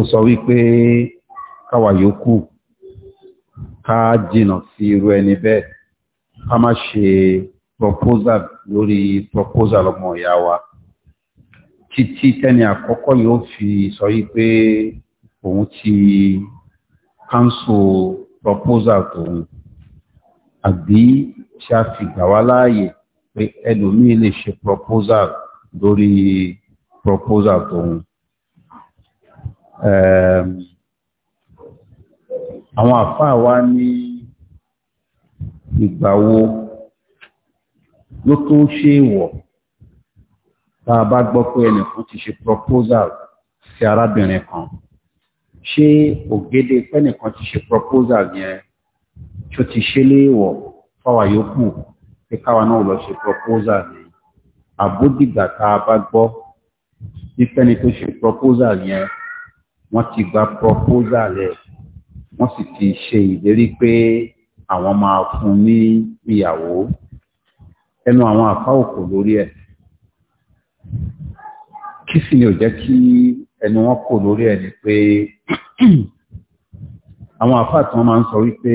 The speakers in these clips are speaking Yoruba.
ó sọ wípé káwa yòókù ká jìnà sí irú ẹni bẹ́ẹ̀ ká má ṣe proposal lórí proposal ọmọ ìyá wa títí tẹ́ni àkọ́kọ́ yóò fi sọ wípé òun ti cancel proposal tòun àbí ṣe a fi gbà láàyè pé ẹlòmíì lè ṣe proposal lórí proposal tòun Ehm, àwọn àfáà wá ní ìgbàwo ló tó ṣe ìwọ̀ tá bá gbọ́ pé ẹnìkan ti ṣe proposal sí arábìnrin kan ṣé ògede pẹ́nìkan ti ṣe proposal yẹn ṣó ti ṣe léèwọ̀ fáwa yòókù pé káwa náà lọ ṣe proposal ní àbódìgbà tá a bá gbọ́ pípẹ́ni tó ṣe proposal yẹn wọ́n ti gba proposal ẹ̀ wọ́n sì ti ṣe ìlérí pé àwọn máa fún ní ìyàwó ẹnu àwọn àfá òkò lórí ẹ̀ kí sì ni ò jẹ́ kí ẹnu wọn kò lórí ẹ̀ ni pé àwọn àfá tí wọ́n máa ń sọ wípé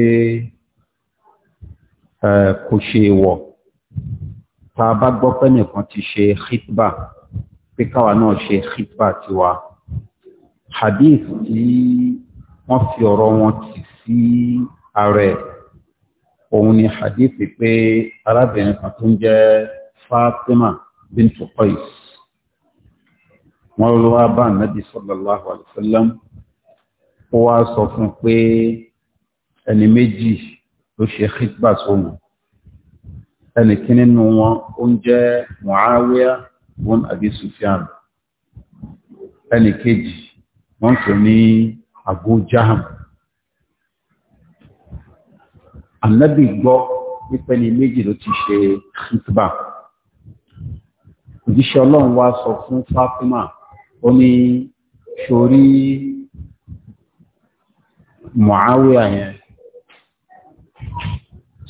kò ṣe wọ̀ tá a bá gbọ́ pé nìkan ti ṣe hitba pé káwa náà ṣe hitba tiwa hadith tí wọ́n fi ọ̀rọ̀ wọn tì sí ara ẹ̀ òun ni hadith pé arábìnrin kan tó ń jẹ́ Fatima bintu Qais wọ́n ló wá bá nàbí sallallahu alaihi wasallam ó wá sọ fún pé ẹni méjì ló ṣe khitba sóhun ẹni kí nínú wọn ó ń jẹ́ Muawiya bun Abi Sufyan ẹni kejì wọ́n pè ní Abu Jaham Ànábì gbọ́ wípẹ́ ní méjì ló ti ṣe khitba òjíṣẹ́ ọlọ́run wá sọ fún Fatima ó ní ṣorí Muawiya yẹn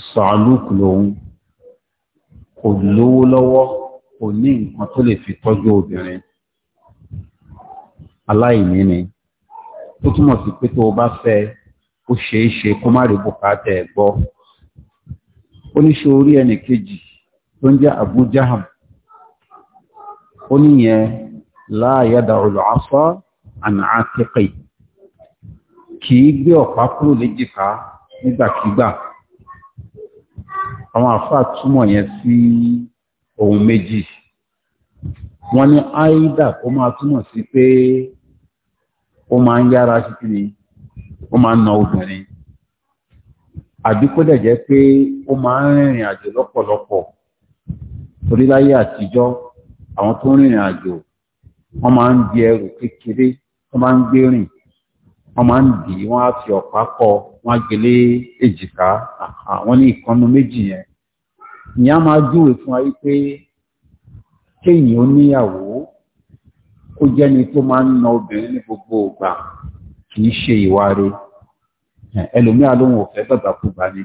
sàálùkù lòun kò lówó lọ́wọ́ kò ní nǹkan tó lè fi tọ́jú obìnrin aláìní ni tó túmọ̀ sí pé tó o bá fẹ́ ó ṣeé ṣe kó má rí bùkátà ẹ̀ gbọ́ ṣe orí ẹnì kejì tó ń jẹ́ Abu ó níyẹn láàyádà olùhásọ́ àná àtẹ́kẹ̀ẹ́ kì í gbé ọ̀pá kúrò léjìká nígbàkígbà àwọn àfáà túmọ̀ yẹn sí ohun méjì wọ́n ní áìdà máa túmọ̀ sí pé ó máa ń yára sí kí ni ó máa ń na obìnrin àbí kó dẹ̀ jẹ́ pé ó máa ń rìnrìn àjò lọ́pọ̀lọpọ̀ toríláyé àtijọ́ àwọn tó rìnrìn àjò wọ́n máa ń di ẹrù kékeré wọ́n máa ń gbé rìn wọ́n máa ń dì wọ́n á fi ọ̀pá kọ wọ́n á èjìká àwọn ní méjì yẹn ìyá máa júwe fún wa kó jẹ́ ni tó máa ń na obìnrin ní gbogbo ìgbà kì í ṣe ìwà rẹ̀ ẹlòmíà lóhun ò fẹ́ bàbá kú bá ní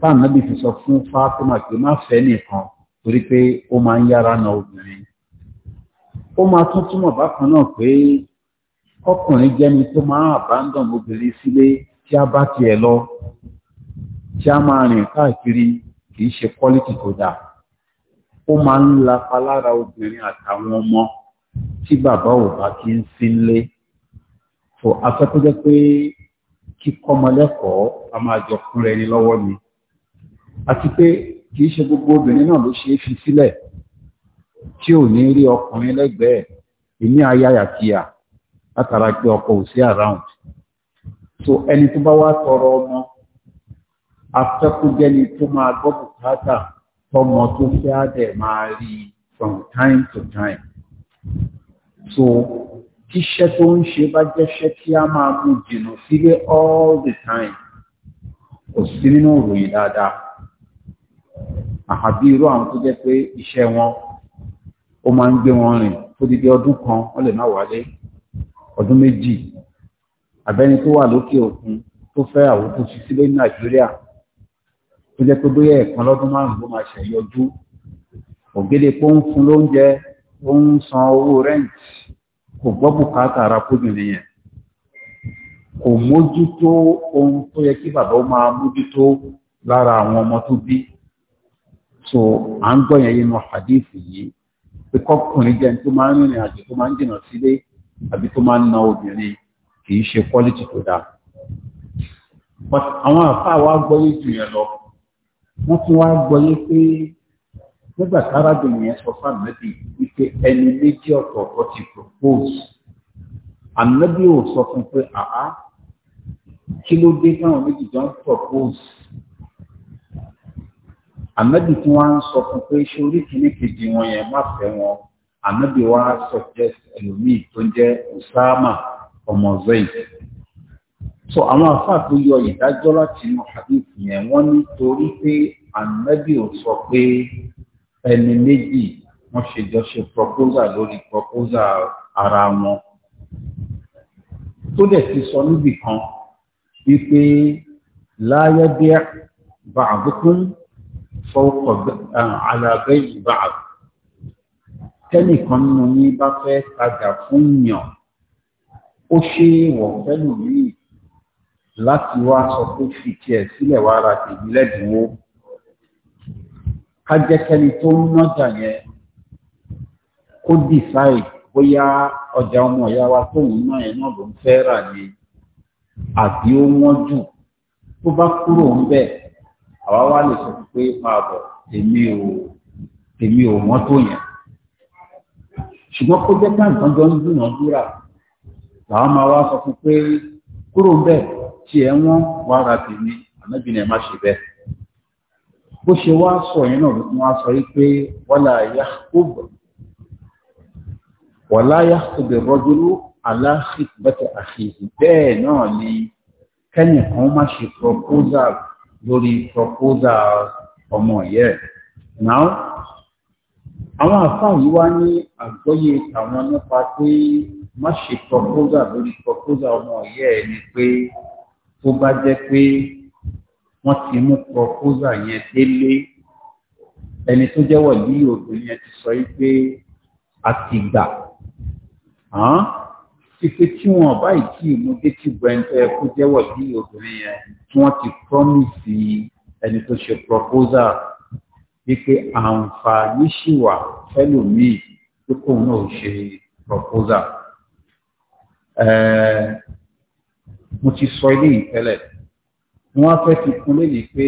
táà náà bí fi sọ fún Fátímà pé má fẹ́ nìkan torí pé ó máa ń yára na obìnrin ó máa tún túmọ̀ bákan náà pé ọkùnrin jẹ́ni tó máa àbándàn obìnrin sílé tí a bá tiẹ̀ lọ tí a máa rìn káàkiri kì í ṣe quality tó dáa ó máa ń lapa lára obìnrin àtàwọn ọmọ tí bàbá ò bá kí ń sílé tó afẹ́kọ́jẹ́ pé kíkọ́mọlẹ́kọ̀ọ́ a máa jọ fúnra ẹni lọ́wọ́ ni àti pé kìí ṣe gbogbo obìnrin náà ló ṣe é fi sílẹ̀ tí ò ní rí ọkùnrin lẹ́gbẹ̀ẹ́ ìní ayáyàkíyà látara pé ọkọ ò sí around so ẹni tó bá wá tọrọ ọmọ afẹ́kọ́jẹ́ni tó máa gbọ́ bùkátà tọmọ tó fẹ́ á dẹ̀ máa rí from time to time so tíṣẹ́ tó ń ṣe bá jẹ́ṣẹ́ tí a máa mú jìnà sílé all the time kò sí nínú ìròyìn dáadáa àbí irú àwọn tó jẹ́ pé iṣẹ́ wọn ó máa ń gbé wọn rìn tó di ọdún kan wọ́n lè má wálé ọdún méjì àbẹ́ni tó wà lókè òkun tó fẹ́ àwọn tó fi sílé ní nàìjíríà tó jẹ́ pé bóyá ẹ̀kan lọ́dún márùn-ún ló máa ṣẹ̀yọjú ògèdè pọ́ńfún lóúnjẹ ó ń san owó rẹ́ǹtì kò gbọ́ bùkátà ara kóbìnrin nìyẹn kò mójútó ohun tó yẹ kí bàbá ó máa mójútó lára àwọn ọmọ tó bí so à ń gbọ́ hadith yìí pé kọ́kùnrin jẹ́ tó máa ń rìnrìn àjò tó máa na obìnrin kì í ṣe tó dáa àwọn àfáà gbọ́yé jù yẹn lọ wọ́n tún wá nígbà tárábìnrin yẹn sọ fún ànábì wípé ẹni méjì ọ̀tọ̀ọ̀tọ̀ ti propose ànábì ò sọ fún pé àá kí ló dé táwọn méjì jọ ń propose ànábì tí wọ́n á ń sọ fún pé sórí kìíní kejì wọn yẹn má fẹ́ wọn ànábì wa suggest ẹlòmíì tó ń jẹ́ Usama ọmọ Zayd so àwọn àfáà tó yọ ìdájọ́ láti inú hadith yẹn wọ́n ní torí pé ànábì ò sọ pé ẹni méjì wọ́n ṣe jọ ṣe proposal lórí proposal ara wọn tó dẹ̀ ti sọ níbì kan wípé láyẹ́dẹ́ bàbùkún fọ́ọ̀kọ̀ àlàbẹ́ ìbáàbù tẹ́nìkan nínú ní bá fẹ́ tajà fún yàn ó ṣe wọ̀ fẹ́lú rí láti wá sọ pé fi tiẹ̀ sílẹ̀ wá ra tèmi lẹ́dínwó kájẹ́kẹ́ni tó ń nájà yẹn kó dìsáì bóyá ọjà ọmọ ọ̀yá wa tóun náà náà ló ń fẹ́ rà àbí ó wọ́n jù tó bá kúrò ń bẹ̀ àwa wá lè sọ pé máa bọ̀ èmi ò mọ́ tó yẹn ṣùgbọ́n kó jẹ́ ká nǹkan jọ ń dúnàádúrà làwọn máa wá sọ fún pé kúrò ń bẹ̀ wọ́n bó ṣe wá sọ yẹn náà ló tún wá sọ yìí pé wala yahqub wala yahqub ar-rajulu ala khitbati akhihi bẹ́ẹ̀ náà ni kẹ́nìkan má ṣe proposal lórí proposal ọmọ ìyẹ́ ẹ̀ náà àwọn àfáà yìí wá ní àgbọ́yé tàwọn nípa pé má ṣe proposal lórí proposal ọmọ ìyẹ́ ni pé tó bá jẹ́ pé wọ́n ti mú proposal yẹn délé ẹni tó jẹ́wọ̀ ní obìnrin yẹn ti sọ wípé a ti gbà títí tí wọn báyìí tí ìmúdé ti gbọ ẹni tó yẹ kó jẹ́wọ̀ ní obìnrin yẹn tí wọ́n ti promise ẹni tó ṣe proposal wípé àǹfààní ṣì wà fẹ́lòmíì pé kóun náà ṣe proposal. mo ti sọ ilé ìtẹ́lẹ̀ ni wọ́n fẹ́ fi kún lè ní pé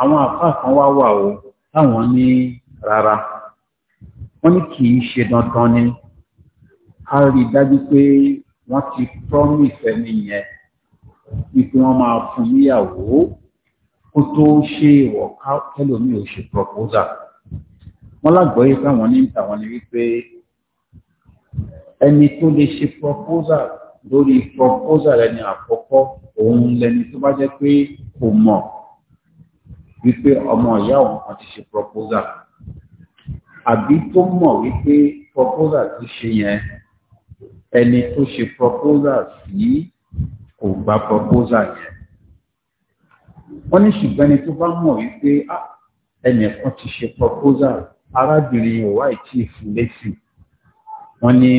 àwọn àfáà kan wá wà o táwọn ní rárá wọ́n ní kì í ṣe dandan ni a rí dájú pé wọ́n ti promise ẹni yẹn wípé wọ́n máa fún níyàwó kó tó ṣe ìwọ̀ kẹlòmíì ò ṣe proposal wọ́n lágbọ́yé fáwọn ní ìtàwọn ni wípé ẹni tó lè ṣe proposal lórí proposal ẹni àkọ́kọ́ òun lẹni tó bá jẹ́ pé kò mọ̀ wípé ọmọ ìyá òun kan ti ṣe proposal àbí tó mọ̀ wípé proposal tó ṣe yẹn ẹni tó ṣe proposal sí kò gba proposal yẹn wọ́n ní ṣùgbọ́n ẹni tó bá mọ̀ wípé ẹnìkan ti ṣe proposal arábìnrin ìwà ìtì ìfúnlẹ́sì wọ́n ní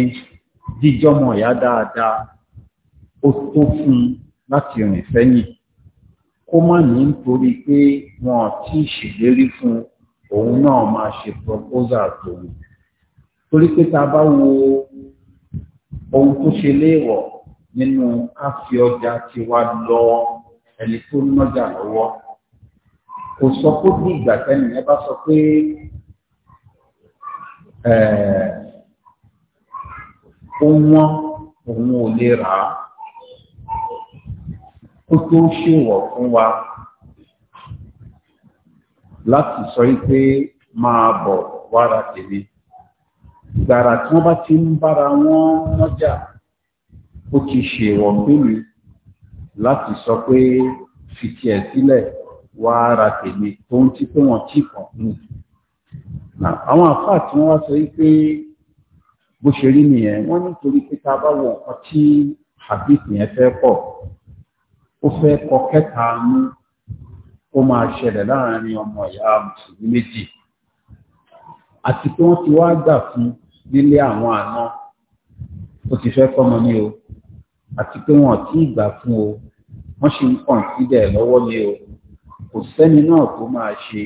jíjọ́mọ ìyá dáadáa ó tó fún láti rìn sẹ́yìn kó má ní nítorí pé wọn ti ṣèlérí fún òun náà máa ṣe proposal tòun torí pé tá bá wo ohun tó ṣe léèwọ̀ nínú ká fi ọjà tiwa lọ ẹni tó nájà lọ́wọ́ kò sọ pé bí ìgbà tẹ́nìyàn bá sọ pé ó wọ́n òun ò lè rà á kó tó ṣèwọ̀ fún wa láti sọ pé máa bọ̀ wára tèmi gbàrà tí wọ́n bá ti ń bára wọn mọ́jà ó ti ṣèwọ̀ fún mi láti sọ pé fi tiẹ̀ sílẹ̀ wá tèmi tó ń tí pé wọ́n tí kàn fún mi. àwọn àfáà tí wọ́n wá sọ wípé bó ṣe rí nìyẹn wọ́n nítorí pé tá a bá wọ nǹkan tí hadith yẹn fẹ́ pọ̀ ó fẹ́ kọ kẹta mú ó máa ṣẹlẹ̀ láàrin ọmọ ìyá mùsùlùmí méjì àti pé wọ́n ti wá gbà fún nílé àwọn àna ó ti fẹ́ kọ́mọ ní o àti pé wọ́n ti gbà fún o wọ́n ṣì ń kàn síbẹ̀ lọ́wọ́ ní o kò sẹ́ni náà tó máa ṣe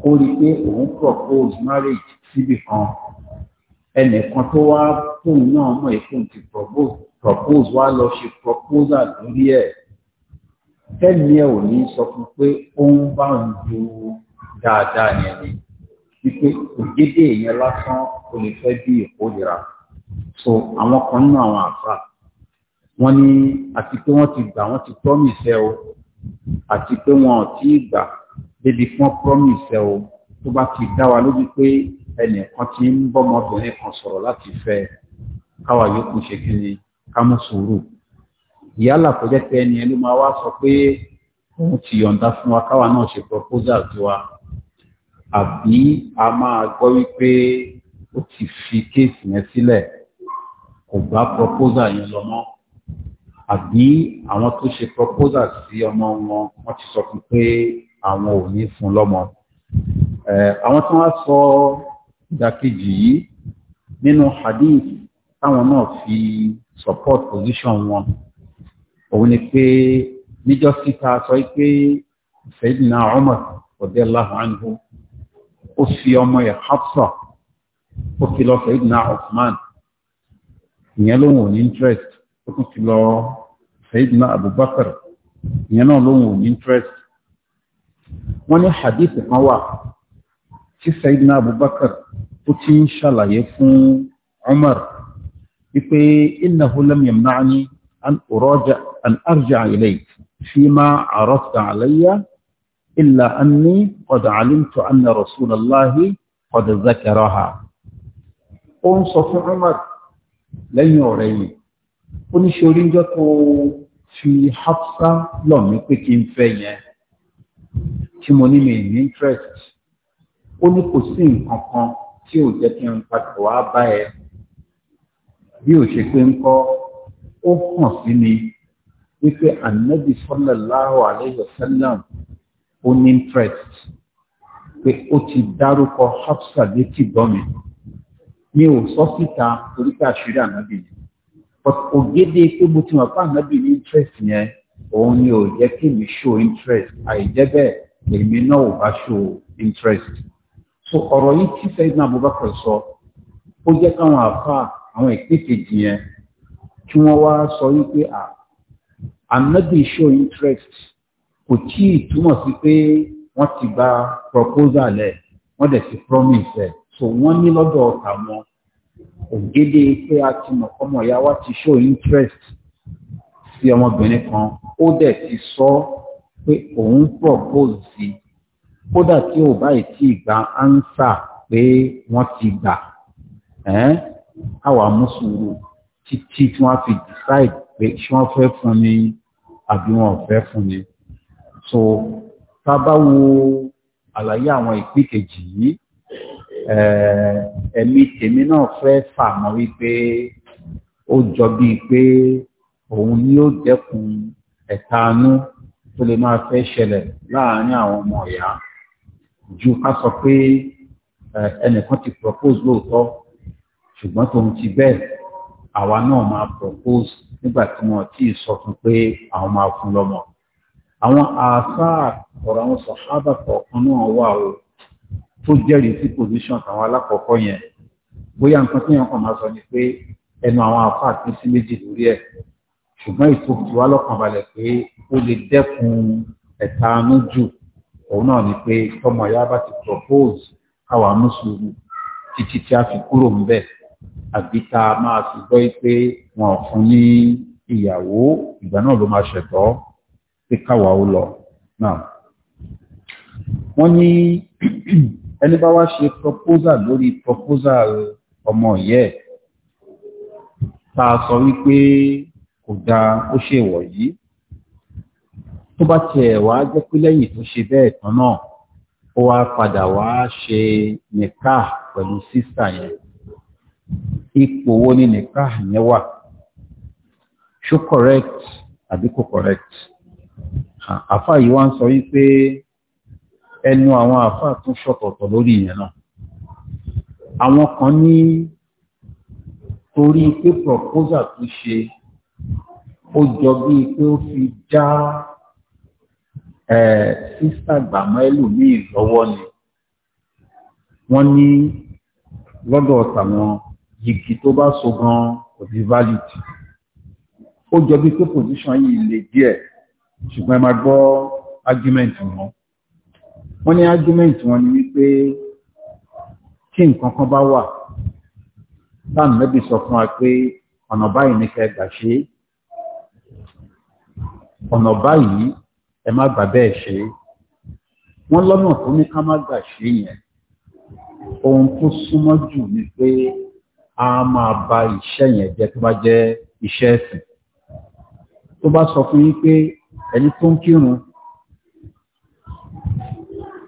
kó rí i pé òun propose marriage síbì kan ẹnìkan tó wá fóun náà mọ̀ èkó ti propose wá lọ ṣe proposal lórí ẹ̀ tẹ́lẹ̀ ẹ̀ ò ní sọ fún pé ó ń bá ń ju dáadáa yẹn ni wípé ògédé yẹn lásán kò lè fẹ́ bí ìkórira so àwọn kan nínú àwọn àfà wọn ní àti pé wọ́n ti gbà wọ́n ti promise ẹ o àti pé wọn ò tí ì gbà débi fún promise ẹ o tó bá ti dá wa lójú pé ẹnìkan ti ń bọ́mọbìnrin kan sọ̀rọ̀ láti fẹ́ káwa yòókù ṣe kí ni ká mú sùúrù ìyálà kò jẹ́ pé ẹni ẹlú máa wá sọ pé òun ti yọ̀ǹda fún wa káwa náà ṣe proposal tiwa àbí a máa gbọ́ wípé ó ti fi kéèsì yẹn sílẹ̀ kò bá proposal yẹn lọ mọ́ àbí àwọn tó ṣe proposal sí ọmọ wọn wọ́n ti sọ fún pé àwọn ò ní fún lọ́mọ àwọn tí wọ́n sọ ìdàkejì yìí nínú hadith táwọn náà fi support position wọn òun ni pé níjọ́ síta sọ pé Sayyidina Umar radiyallahu anhu ó fi ọmọ ẹ̀ Hafsa ó fi lọ Sayyidina Uthman ìyẹn lóhun ní interest ó tún fi lọ Abubakar ìyẹn náà lóhun ò ní interest wọ́n ní hadith kan wà tí Sayyidina Abubakar tó ti ń ṣàlàyé fún Umar wípé innahu lam yamna'ni an uraja an arji'a ilayk fima 'arafta 'alayya illa anni qad 'alimtu anna Rasulallahi qad zakaraha ó ń sọ fún Umar lẹ́yìn ọ̀rẹ́ yìí ó ní ṣe oríjọ́ tó fi Hafsa lọ̀ pé kí n fẹ́ yẹn tí mo ní mi ní interest ó ní kò sí nǹkan kan tí ò jẹ́ kí n padà wá bá ẹ bí ò ṣe pé ń kọ́ ó hàn sí mi wípé ànábì sallallahu alayhi wa sallam ó ní interest pé ó ti dárúkọ Hafsa létí gbọ́ mi mi ò sọ síta torí pé àṣírí ànábì yìí ògédé pé mo ti mọ̀ pé ànábì ní interest yẹn òun ni ò jẹ́ kí mi show interest àìjẹ́ bẹ́ẹ̀ èmi náà ò bá show interest so ọ̀rọ̀ yìí tí sẹ́yìn náà Abubakar sọ ó jẹ́ káwọn àfa àwọn ìpèkejì yẹn kí wọ́n wá sọ wípé à another show interest kò tí ì túmọ̀ sí pé wọ́n ti gba proposal ẹ̀ wọ́n dẹ̀ ti promise ẹ̀ so wọ́n ní lọ́dọ̀ àwọn ògede pé a ti mọ̀ ọmọ ìyá wa ti show interest sí ọmọbìnrin kan ó dẹ̀ ti sọ pé òun propose sí i kódà tí ò bá ìtì ìgbà ánsà pé wọ́n ti gbà àwa mú sùúrù títí tí wọ́n fi decide pé ṣé wọ́n fẹ́ fún ni àbí wọn fẹ́ fún ni so tá a bá wo àlàyé àwọn ìpín kejì yìí ẹ̀mí tèmi náà fẹ́ fàmọ́ wípé ó jọ bíi pé òun ni ó dẹ́kun ẹ̀tanú tó lè máa fẹ́ ṣẹlẹ̀ láàárín àwọn ọmọ ìyá ju ká sọ pé ẹnìkan ti propose lóòótọ́ ṣùgbọ́n tòun ti bẹ́ẹ̀ àwa náà máa propose nígbà tí wọ́n ti sọ fún pé àwọn máa fún lọ́mọ àwọn àáfàá ọ̀rọ̀ àwọn sàhábà kọ̀ọ̀kan náà wà o tó jẹ́rìí sí position tàwọn alákọ̀ọ́kọ́ yẹn bóyá nǹkan tí yẹn kàn máa sọ ni pé ẹnu àwọn àáfàá ti sí méjì lórí ẹ̀ ṣùgbọ́n ìtòkùtù wa lọ́kàn balẹ̀ pé ó lè dẹ́kun ẹ̀tanú jù òun náà ni pé tọmọ ìyá bá ti propose káwa mùsùlùmí títí tí a fi kúrò ń bẹ̀ àbí tá a máa fi gbọ́ pé wọn ò fún ní ìyàwó ìgbà náà ló máa ṣẹ̀tọ́ pé káwa ó lọ náà. wọ́n ní ẹni bá wá ṣe proposal lórí proposal ọmọ ìyẹ́ ẹ̀ sọ wípé kò dáa ó ṣèwọ̀ yìí tó bá tiẹ̀ wá jẹ́ pé lẹ́yìn tó ṣe bẹ́ẹ̀ tán náà ó wá padà wá ṣe nìkà pẹ̀lú sísà yẹn ipò wo ni nìkà yẹn wà ṣó correct àbí kò correct àfà yìí wá ń sọ wípé ẹnu àwọn àfà tún ṣọ̀tọ̀ọ̀tọ̀ lórí ìyẹn náà àwọn kan ní torí pé proposal tó ṣe ó jọ bíi pé ó fi já sísà gbàmọ́ ẹlòmíì lọ́wọ́ ni wọ́n ní lọ́dọ̀ tàwọn yìgì tó bá so gan kò di valid ó jọ bí pé position yìí le díẹ̀ ṣùgbọ́n ẹ máa gbọ́ argument wọn wọ́n ní argument wọn ni wípé kí nǹkan kan bá wà táàmù lẹ́bí sọ fún wa pé ọ̀nà báyìí ní kẹ́ ṣe ọ̀nà báyìí ẹ má gbà bẹ́ẹ̀ ṣe wọ́n lọ́nà tó ní ká má gbà ṣe yẹn ohun tó súnmọ́ jù ni pé a máa ba iṣẹ́ yẹn jẹ́ tó bá jẹ́ iṣẹ́ ẹ̀sìn tó bá sọ fún yín pé ẹni tó ń kírun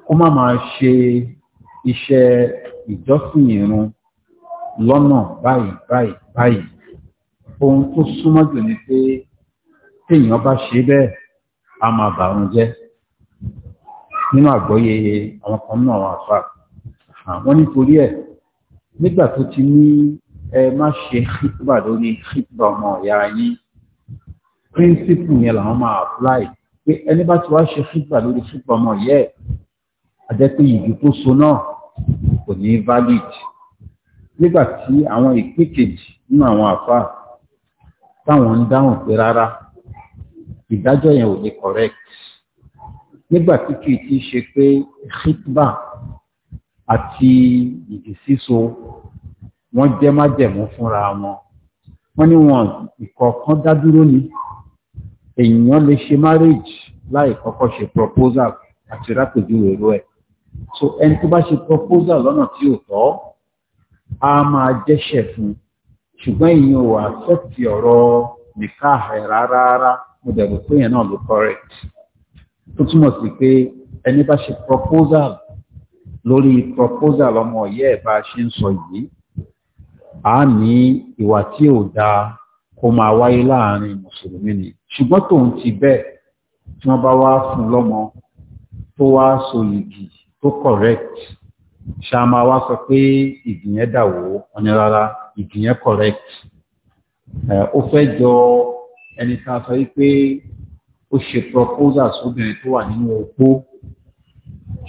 kó má máa ṣe iṣẹ́ ìjọsìn irun lọ́nà báyìí báyìí báyìí ohun tó súnmọ́ jù ni pé téèyàn bá ṣe bẹ́ẹ̀ a máa bà wọn jẹ́ nínú àgbọ́yé àwọn kan náà wọn àfà wọn nítorí ẹ̀ nígbà tó ti ní ẹ má ṣe hitba lórí hitba ọmọ ọ̀yà yín píríncípù yẹn làwọn máa apply pé ẹni bá ti wá ṣe hitba lórí hitba ọmọ ọ̀yà ẹ̀ àjẹpé ìdí tó so náà kò ní valid nígbà tí àwọn ìpín kejì nínú àwọn àfà táwọn ń dáhùn pé rárá ìdájọ́ yẹn ò ní correct nígbà tí kì í ti ṣe pé khitba àti ìdí síso wọ́n jẹ́ májẹ̀mú fúnra wọn wọ́n ní wọn ìkọ̀ọ̀kan dá dúró ni èèyàn lè ṣe marriage láì kọ́kọ́ ṣe proposal àti rápèjúwe rú ẹ̀ so ẹni tó bá ṣe proposal lọ́nà tí ò tọ́ a máa jẹ́ṣẹ̀ fún ṣùgbọ́n ìyẹn ò accept ọ̀rọ̀ nìkáà rárá rárá mo dẹ̀ rò pé yẹn náà ló correct tó túmọ̀ sí pé ẹni bá ṣe proposal lórí proposal ọmọ ọ̀yẹ́ ẹ̀ bá a ṣe ń sọ yìí a ní ìwà tí ò dáa kó máa wáyé láàrin mùsùlùmí ni ṣùgbọ́n tòun ti bẹ́ẹ̀ tí wọ́n bá wá fún lọ́mọ tó wá so yìgì tó correct ṣá máa wá sọ pé ìgì yẹn dà wò ó ọ̀nà rárá ìgì yẹn correct ó fẹ́ jọ ẹnìkan sọ wípé ó ṣe proposal sóbìnrin tó wà nínú opó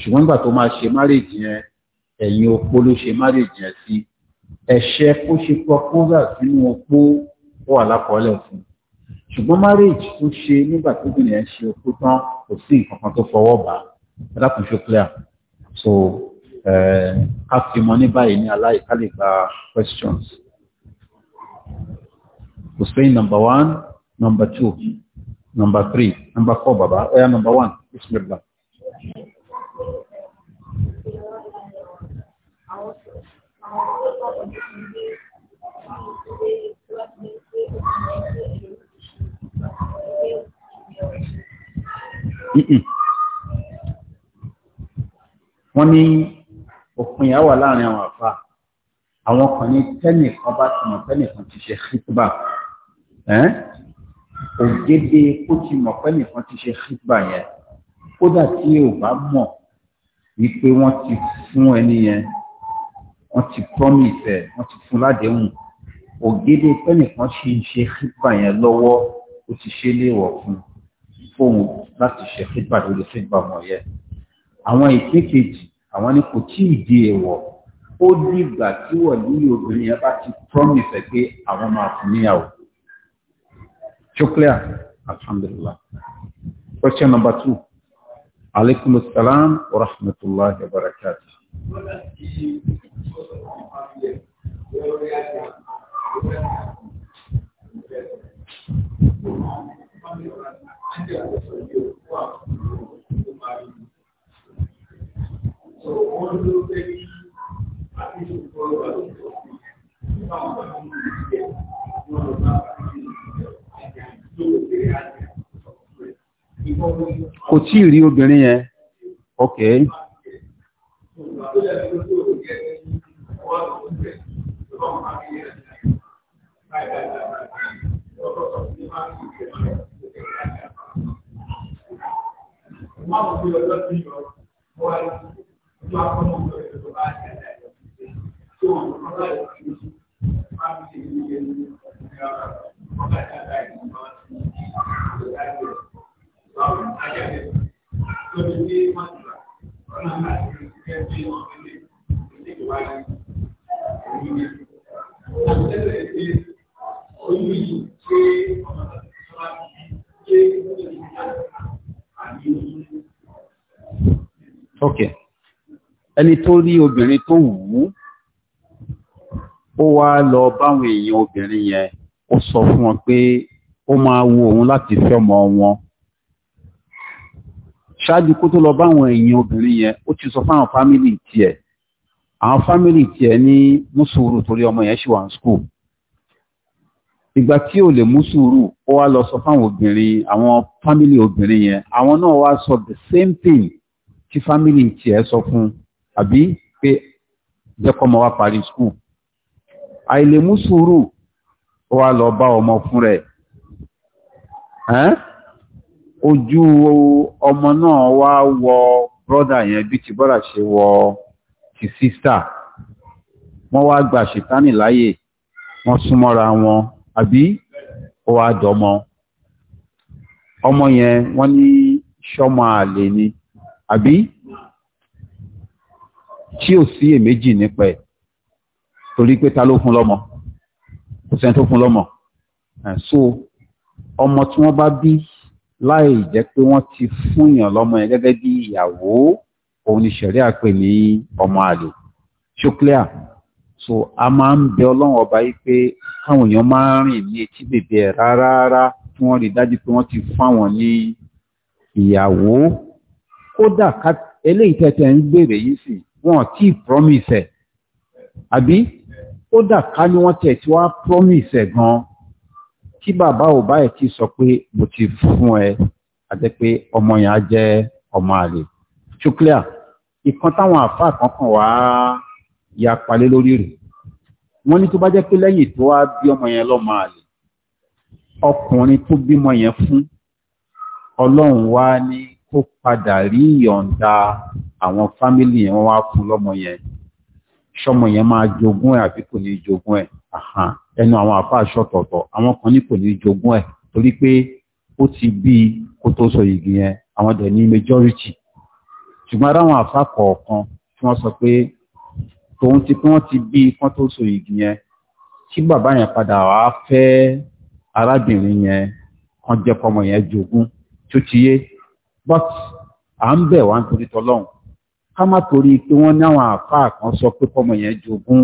ṣùgbọ́n nígbà tó máa ṣe marriage yẹn ẹ̀yìn opó ló ṣe marriage yẹn sí ẹ̀ṣẹ̀ kó ṣe proposal sínú opó ó wà lákọọ́lẹ̀ fún ṣùgbọ́n marriage tó ṣe nígbà tó bìnrin yẹn ṣe opó tán kò sí nǹkan kan tó fọwọ́ bá alákùnṣe clear so ká fi mọ ní báyìí ní aláìká lè gba questions. Question number one number two number three number four baba. ó oh, number one bismillah. wọ́n ní òpin yà wà láàrin àwọn àfa àwọn kan ní tẹ́nìkan bá ti mọ̀ tẹ́nìkan ti ṣe ṣíkúbà ẹ́ ògede kó ti mọ̀ pé nìkan ti ṣe ṣùgbà yẹn kódà tí ò bá mọ̀ wípé wọ́n ti fún ẹni yẹn wọ́n ti promise ẹ̀ wọ́n ti fún ládéhùn ògede pé nìkan ṣe ń ṣe ṣùgbà yẹn lọ́wọ́ o ti ṣe léèwọ̀ fún fóun láti ṣe ṣùgbà lórí ṣùgbà mọ̀ yẹn àwọn ìkékejì àwọn ni kò tí ì di èèwọ̀ ó dìgbà tí wọ̀lú obìnrin yẹn bá ti promise ẹ̀ pé àwọn máa fún níyàwó Çok clear. Alhamdulillah. Question number two. Alaikum assalam ve rahmatullahi wa barakatuh. So, Kò tí ì rí obìnrin yẹn. Ok. Máa ń ok ẹni tó rí obìnrin tó wù ú ó wá lọ báwọn èèyàn obìnrin yẹn ó sọ fún wọn pé ó máa wù òun láti fẹ́ ọmọ wọn ṣáájú kó tó lọ báwọn èèyàn obìnrin yẹn ó ti sọ fáwọn fámìlì tiẹ̀ àwọn fámìlì tiẹ̀ ní mùsùlùmí torí ọmọ yẹn ṣì wà ní skul ìgbà tí ò lè mú sùúrù ó wá lọ sọ fáwọn obìnrin àwọn fámìlì obìnrin yẹn àwọn náà wá sọ the same thing tí fámìlì tiẹ̀ sọ fún àbí pé jẹ́kọ́ ọmọ wa parí skul àìlèmú sùúrù ó wá lọ bá ọmọ fún rẹ̀ ojú ọmọ náà wá wọ brọ́dà yẹn bí ti brọ́dà ṣe wọ ti sísà wọ́n wá gba ṣètánì láyè wọ́n súnmọ́ra wọn àbí ó wá ọmọ yẹn wọ́n ní ṣọ́mọ àlè ni àbí tí ò sí èméjì nípa ẹ̀ torí pé ta ló fún lọ́mọ kò sẹ́ni tó fún lọ́mọ so ọmọ tí wọ́n bá bí láì jẹ́ pé wọ́n ti fún yàn lọ́mọ yẹn gẹ́gẹ́ bí ìyàwó òun ni ṣẹ̀rí àpè ní ọmọ àlè ṣókíà so a máa ń bẹ ọlọ́run ọba yìí pé káwọn èèyàn máa ń rìn ní etí bèbè ẹ̀ rárá rárá kí wọ́n rí dájú pé wọ́n ti fún àwọn ní ìyàwó kódà eléyìí tẹ́tẹ́ ń gbèrè yìí sì wọ́n tí promise ẹ̀ àbí kódà ká ní wọ́n tẹ̀ tí wá promise ẹ̀ gan kí bàbá ò báyìí ti sọ pé mo ti fún ẹ àti pé ọmọ yẹn á jẹ́ ọmọ àlè ṣúkíà ìkan táwọn àfáà kankan wá ya palé lórí rẹ̀ wọ́n ní tó bá jẹ́ pé lẹ́yìn tó wá bí ọmọ yẹn lọ́mọ àlè ọkùnrin tó bímọ yẹn fún ọlọ́run wá ní ó padà rí ìyọ̀ǹda àwọn fámílì yẹn wọ́n wá fún lọ́mọ yẹn ṣọ́mọ yẹn máa jogún ẹ̀ àbí kò ní jogún ẹ̀ ẹnu àwọn àfáà ṣọ̀tọ̀ọ̀tọ̀ àwọn kan ní kò ní jogún ẹ̀ torí pé ó ti bí kó tó sọ yìgì yẹn àwọn dẹ̀ ní majority ṣùgbọ́n ara àwọn àfáà kọ̀ọ̀kan tí wọ́n sọ pé tòun ti pé wọ́n ti bí kán tó sọ yìgì yẹn tí bàbá yẹn padà wá fẹ́ arábìnrin yẹn kan jẹ́ kọ́mọ yẹn jogún tó ti yé but à ń bẹ̀ wá nítorí tọlọ́run ká má torí pé wọ́n ní àwọn àáfàá kan sọ pé kọ́mọ yẹn jogún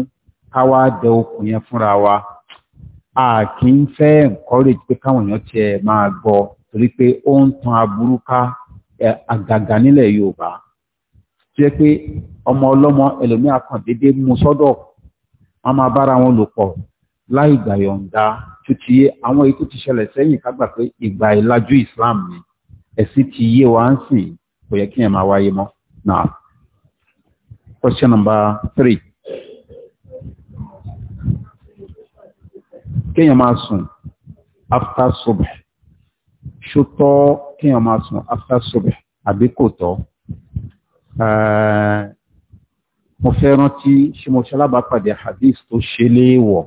ká wá dẹ okùn yẹn fúnra wa a kì í fẹ́ encourage pé káwọn èèyàn tiẹ̀ máa gbọ́ torí pé ó ń tan aburú ká àgàgà nílẹ̀ Yorùbá tó yẹ pé ọmọ ọlọ́mọ ẹlòmíà kan déédéé mú sọ́dọ̀ wọn máa bára wọn lò pọ̀ láì gbàyọ̀ǹda tó ti yé àwọn èyí tó ti ṣẹlẹ̀ sẹ́yìn ká gbà pé ìgbà ìlàjú Islam ni ẹ̀sìn ti yé wa ń sìn kò yẹ kí ẹ̀ máa wáyé mọ́ náà. Question number three. Kéèyàn máa sùn after subh. Ṣó tọ́ kéèyàn máa sùn after subh àbí kò tọ́? Mo fẹ́ rántí ṣe mo ṣe alábàápàdé hadith tó ṣe léèwọ̀.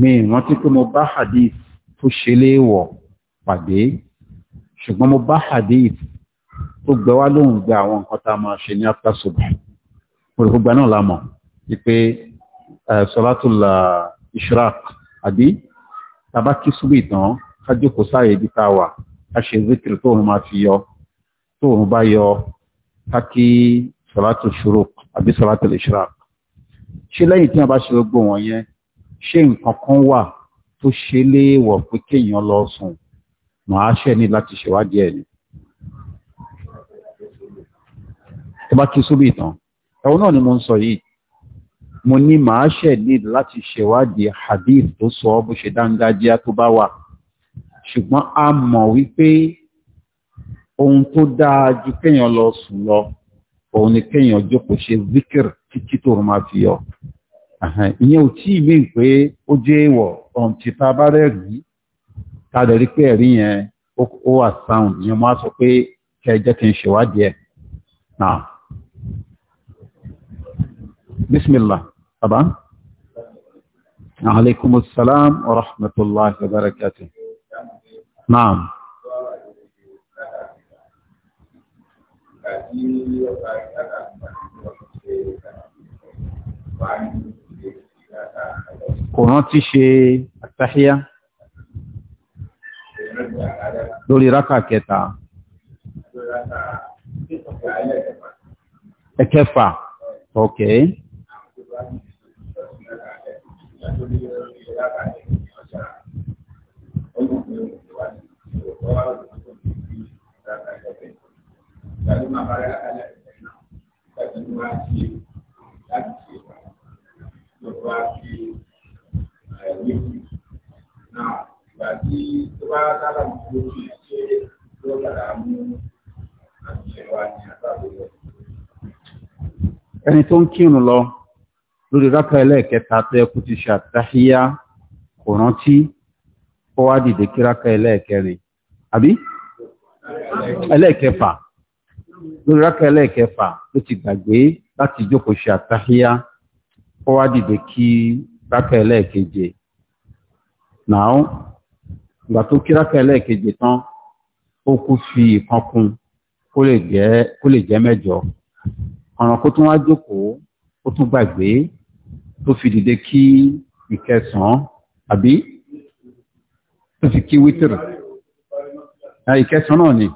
Mi rántí pé mo bá hadith tó ṣe léèwọ̀ pàdé ṣùgbọ́n mo bá hadith tó gbẹ wá lóhùn gba àwọn nǹkan tá a máa ṣe ní after soba náà la mọ̀ wípé sọlátùlà uh, ishraq àbí tàbá kí súbì tán ká jókòó sáàyè ibi tá a wà ká ṣe zikiri tóòrùn máa fi yọ tóòrùn bá yọ ká kí sọlátù shuruk àbí sọlátù ishraq ṣé lẹ́yìn tí wọ́n bá ṣe gbogbo wọ̀nyẹn ṣé nǹkan kan wà tó ṣe léèwọ̀ pé kéèyàn lọ sùn màá ṣẹ̀ ní láti ṣèwádìí ẹ̀ ni. ẹ bá kí súbì tán ẹ̀wọ̀n náà ni mo ń sọ yìí mo ní màá ṣẹ̀ ní láti ṣèwádìí hadith tó sọ ọ́ bó ṣe dángájíá tó bá wà ṣùgbọ́n a mọ̀ wípé ohun tó dáa ju kéèyàn lọ sùn lọ òun ni kéèyàn jókòó ṣe zikir títí tó máa fi yọ ìyẹn ò tí ì mí pé ó jẹ́ ìwọ̀ ọ̀n tí ta bá rẹ̀ rí tàbí rí pé ẹ̀rí yẹn ó wà sound yẹn mo á sọ pé kẹjẹ kí n ṣèwádìí ẹ̀ náà bismillah baba alaikum salam wa rahmatullahi wa barakatuh naam kò rántí ṣe àtàhíyá lórí rákà kẹta ẹ̀kẹfà ọ̀kẹ́ Now, ìgbà tí tó bá dára mú ojú ṣe ló ẹni tó ń kírun lọ lórí rákà ẹlẹ́ẹ̀kẹta tó ẹkú ti ṣe kò rántí kó wá dìde kí rákà ẹlẹ́ẹ̀kẹrin àbí ẹlẹ́ẹ̀kẹfà lórí rákà ẹlẹ́ẹ̀kẹfà ló ti gbàgbé láti wá dìde kí ìgbà tó kíráka ẹlẹ́ẹ̀kejì tán ó kú fi ìkan kún kó lè jẹ́ mẹ́jọ ọ̀ràn kó tún wá jókòó ó tún gbàgbé tó fi dìde kí ìkẹsàn-án àbí tó fi kí wítìrì ìkẹsàn-án náà ni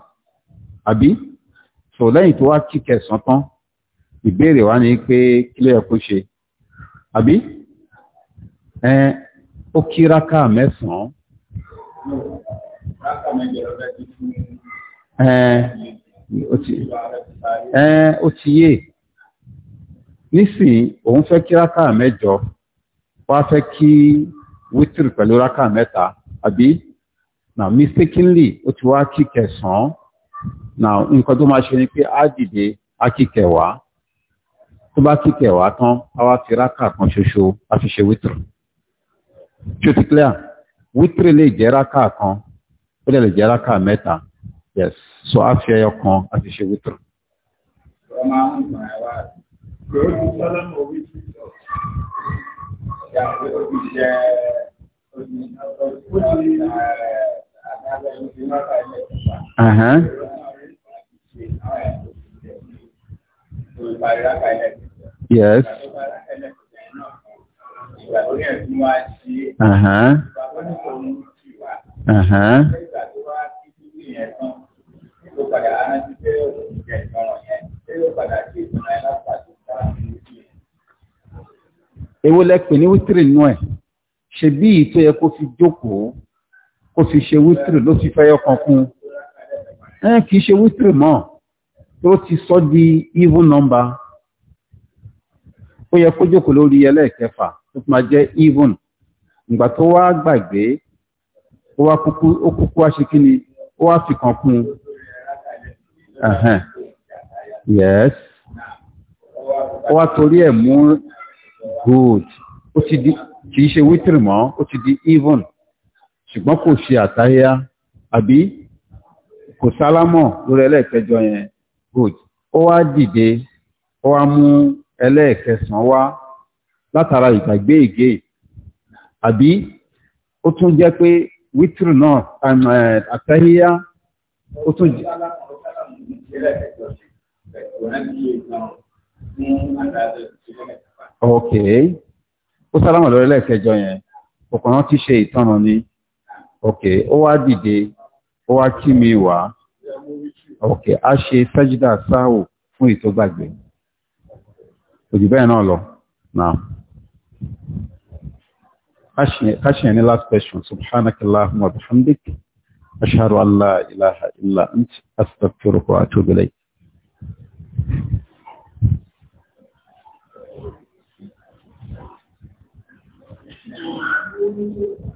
àbí tó lẹ́yìn tó wá kí kẹsàn-án tán ìbéèrè wá ní pé kí ló yẹ kó ṣe àbí ó kí rákà mẹ́sàn-án ẹ̀ẹ́n ó ti yé nísìn òun fẹ́ kí rákà mẹ́jọ wá fẹ́ kí wítìrì pẹ̀lú rákà mẹ́ta àbí na mistakenly ó ti wá kí kẹsàn-án na nǹkan tó máa ṣe ni pé á dìde á kí kẹwàá tó bá kí kẹwàá tán á wá fi rákà kan ṣoṣo á fi ṣe wítìrì ṣó ti clear wítírì lè jẹ́ rákà kan ó lè jẹ́ rákà mẹ́ta yes so a fi ẹyọ kan a fi ṣe wítírì. Uh-huh. Yes. Èwo lẹ́pẹ̀ ní wítìrì nú ẹ̀, ṣe bí ìtọ́ yẹ kó fi jókòó, kó fi ṣe wítìrì ló fi fẹ́yọ́ kan fún. Ẹ kìí ṣe wítìrì mọ́, tó ti sọ di even number, ó yẹ kó jókòó lórí ẹlẹ́ẹ̀kẹfà tó máa jẹ́ even ìgbà tó wá gbàgbé ó wá kúkú ó kúkú wá ṣe kí ni ó wá fi kan kún un yes ó wá torí ẹ̀ mú good ó ti di kì í ṣe wítìrì mọ́ ó ti di even ṣùgbọ́n kò ṣe àtáyá àbí kò sálámọ̀ lórí ẹlẹ́ẹ̀kẹjọ yẹn good ó wá dìde ó wá mú ẹlẹ́ẹ̀kẹsàn wá látara ìgbàgbé ègé àbí ó tún jẹ́ pé wítírù náà um, àtẹ́híyá ó tún jẹ́ ok ó sálámà lórí lẹ́ẹ̀kẹjọ yẹn ọkùnrin ti ṣe ìtànà ni ok ó wá dìde ó wá kí mi wá ok a ṣe sẹ́jídà sáwò fún ìtógbàgbé òjì bẹ́ẹ̀ náà lọ Now, kashi ne last question, subhanakallahumma bihamdik, ashharu an allah ilaha illa ant astaghfiruka wa atubu ilayk. Thank you.